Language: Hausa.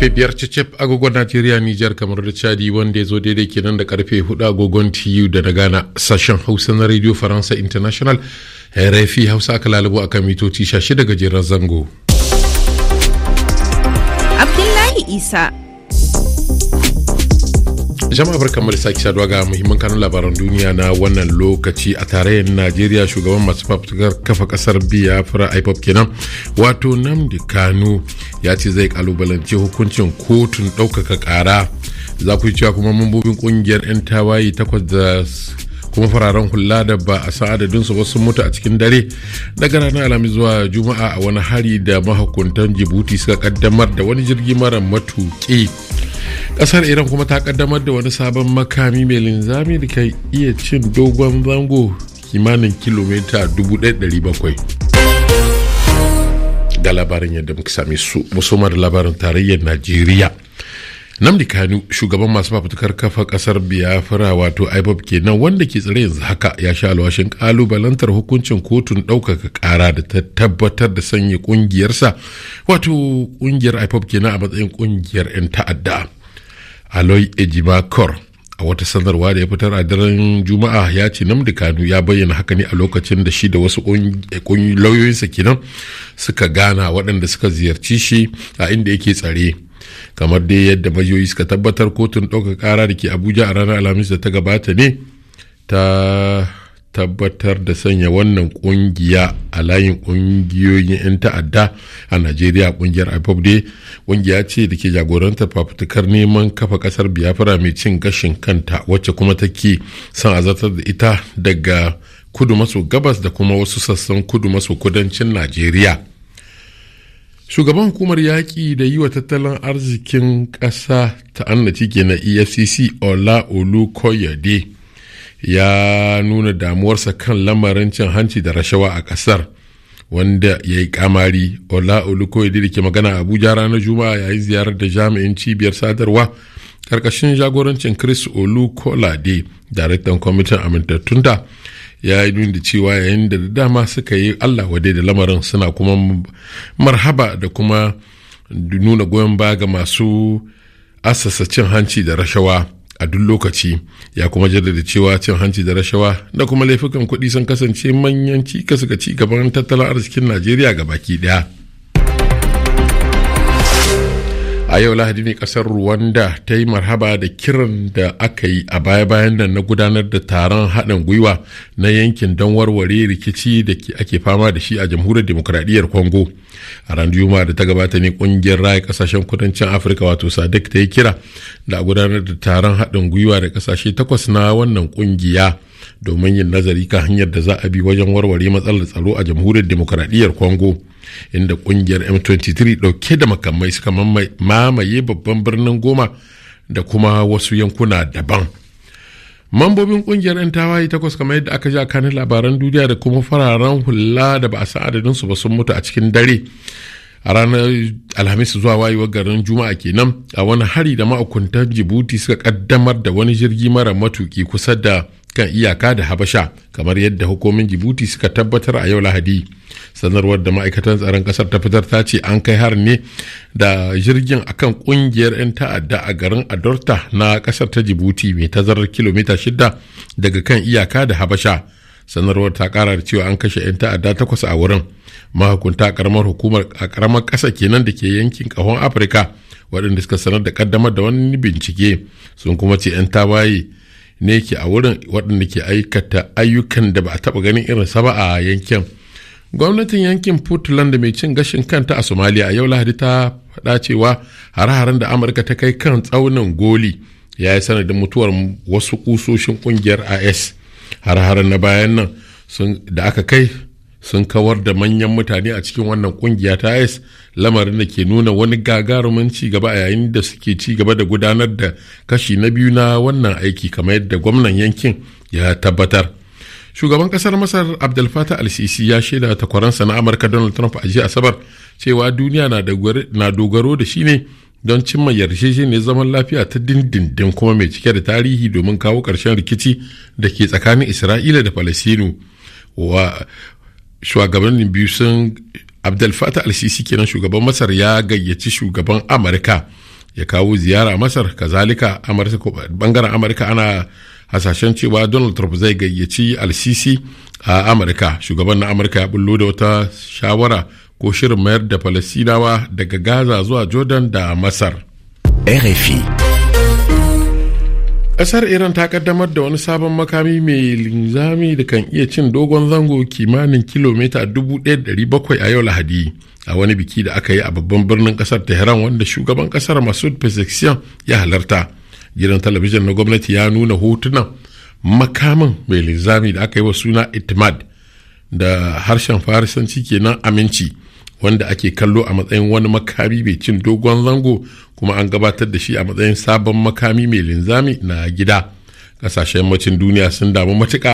karfe biyar cicip agogon najeriya nijar kamar da chadi wanda ya zo daidai kenan da karfe hudu agogon tu da na ghana sashen hausa na radio faransa international rfi hausa aka lalubo akan mitoci shashi daga jerar zango abdullahi isa jama'a barkanmu da sake saduwa ga muhimman kanun labaran duniya na wannan lokaci a tarayyar najeriya shugaban masu fafutukar kafa kasar biafra ipop kenan wato namdi kanu ya ce zai kalubalance hukuncin kotun ɗaukaka ƙara za ku yi cewa kuma mambobin ƙungiyar 'yan tawayi takwas da kuma fararen hula da ba a san adadinsu ba sun mutu a cikin dare daga ranar alhamis zuwa juma'a a wani hari da mahukuntan jibuti suka kaddamar da wani jirgi mara matuƙi kasar iran kuma ta kaddamar da wani sabon makami mai linzami da ke iya cin dogon zango kimanin kilomita 1700 Da labarin yadda muka same su musamman da labarin tarayyar najeriya namdi kanu shugaban masu fafutukar kafa kasar biafra wato ibob kenan wanda ke tsare yanzu haka ya sha alwashin kalubalantar hukuncin kotun ɗaukaka ƙara da ta tabbatar da sanya ƙungiyarsa wato ƙungiyar ibob kenan a matsayin ƙungiyar 'yan ta'adda aloy ejimakor a wata sanarwa da ya fitar a daren juma'a ya ce namdi kanu ya bayyana haka ne a lokacin da shi da wasu lauyoyinsa kenan suka gana waɗanda suka ziyarci shi a inda yake tsare kamar dai yadda majiyoyi suka tabbatar kotun ɗaukar ƙara da ke abuja a ranar alhamis da ta gabata ne ta tabbatar da sanya wannan kungiya a layin kungiyoyin 'yan ta'adda a najeriya kungiyar ipob dai kungiya ce da ke jagorantar fafutukar neman kafa kasar biafra mai cin gashin kanta wacce kuma take son a da ita daga kudu maso gabas da kuma wasu sassan kudu maso kudancin najeriya shugaban hukumar yaƙi da yi wa tattalin arzikin ƙasa ta annaci ke na efcc ola olukoyade ya nuna damuwarsa kan lamarin cin hanci da rashawa a kasar wanda ya yi kamari ola olukoyede da ke magana abuja ranar juma'a ya yi ziyarar da jami'in cibiyar sadarwa karkashin jagorancin chris olukolade daraktan kwamitin da ya yi nuni da cewa yayin da dama suka yi allah wadai da lamarin suna kuma marhaba da kuma nuna goyon baya ga masu asasa cin hanci da rashawa a duk lokaci ya kuma jaddada cewa cin hanci da rashawa da kuma laifukan kuɗi sun kasance manyan cikas ga ci gaban tattalin arzikin najeriya ga baki ɗaya a yau lahadi ne kasar rwanda ta yi marhaba da kiran da aka yi a baya-bayan nan na gudanar da taron haɗin gwiwa na yankin don warware rikici da ake fama da shi a jamhuriyar demokradiyyar congo a ran juma'a da ta gabata ne ƙungiyar raya kasashen kudancin afirka wato sadik ta yi kira da gudanar da taron haɗin gwiwa da ƙasashe takwas na wannan ƙungiya domin yin nazari kan hanyar da za a bi wajen warware matsalar tsaro a jamhuriyar demokuraɗiyyar congo inda ƙungiyar m23 dauke da makamai suka mamaye babban birnin goma da kuma wasu yankuna daban mambobin kungiyar 'yan tawaye takwas kamar yadda aka ji a kanin labaran duniya da kuma fararen hula da ba a san adadinsu ba sun mutu a cikin dare a ranar alhamis zuwa wayewar garin juma'a kenan a wani hari da ma'akuntan jibuti suka kaddamar da wani jirgi mara matuki kusa da kan iyaka da habasha kamar yadda hukumin jibuti suka tabbatar a yau lahadi sanarwar da ma'aikatan tsaron kasar ta fitar ta ce an kai har ne da jirgin akan kungiyar 'yan ta'adda a garin adorta na kasar ta jibuti mai tazarar kilomita shida daga kan iyaka da habasha sanarwar ta kara da cewa an kashe 'yan ta'adda takwas a wurin mahukunta karamar hukumar a karamar kasa kenan da ke yankin kahon afirka waɗanda suka sanar da kaddamar da wani bincike sun kuma ce 'yan tawaye ne ke a wurin waɗanda ke aikata ayyukan da ba a taɓa ganin irinsa ba a yankin gwamnatin yankin puntland mai cin gashin kanta a somalia a yau lahadi ta faɗa cewa hare-haren da amurka ta kai kan tsaunin goli ya yi sanadin mutuwar wasu kusoshin ƙungiyar is hare-haren na bayan nan da aka kai sun kawar da manyan mutane a cikin wannan kungiya ta is lamarin da ke nuna wani gagarumin ci gaba a yayin da suke ci gaba da gudanar da kashi na biyu na wannan aiki kamar yadda gwamnan yankin ya tabbatar shugaban kasar masar abdul fatah al-sisi ya shaida takwaransa na amurka donald trump a jiya asabar cewa duniya na dogaro da shi ne don cimma yarjejeniyar zaman lafiya ta dindindin kuma mai cike da tarihi domin kawo karshen rikici da ke tsakanin isra'ila da falasinu shugabannin biyu sun abdel fatah al-sisi kenan shugaban masar ya gayyaci shugaban amurka ya kawo ziyara masar kazalika bangaren amurka ana hasashen cewa donald trump zai gayyaci al-sisi a amurka shugaban na amurka ya bullo da wata shawara ko shirin mayar da falasinawa daga gaza zuwa jordan da masar rfi kasar iran ta kaddamar da wani sabon makami mai linzami da kan iya cin dogon zango kimanin kilomita 1700 a yau lahadi a wani biki da aka yi a babban birnin kasar tehran wanda shugaban kasar masud pezeshkian ya halarta gidan talabijin na gwamnati ya nuna hotunan makamin mai linzami da aka yi wa suna itmad da harshen farisanci kenan aminci wanda ake kallo a matsayin wani makami mai cin dogon zango kuma an gabatar da shi a matsayin sabon makami mai linzami na gida ƙasashen macin duniya sun damu matuƙa